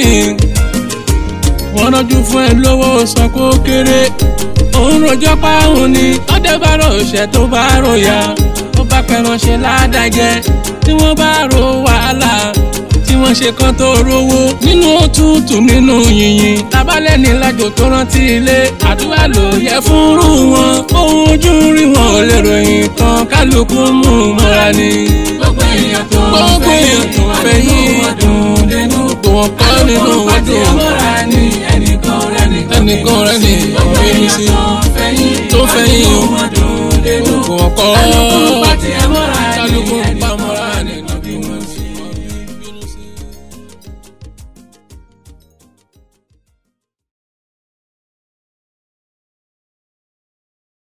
ni wọ́n rọ́jú fún ẹ lówó sọ kó kéré òun rojọ́ pa òun ni ọ̀dẹ́gbàrọ̀ òṣẹ̀ tó bá ròyà ó bá pẹran ṣe ládàjẹ́ tí wọ́n bá ro wàhálà tí wọ́n ṣe kán tó rówó nínú òtútù nínú yìnyín labalẹ̀ ní lájò tó rántí ilé àdúrà ló yẹ fún rú wọn ohun ojú rí wọn ò lè ròyìn kan kálukú mú mọ́ra ni. fẹ̀yìn sí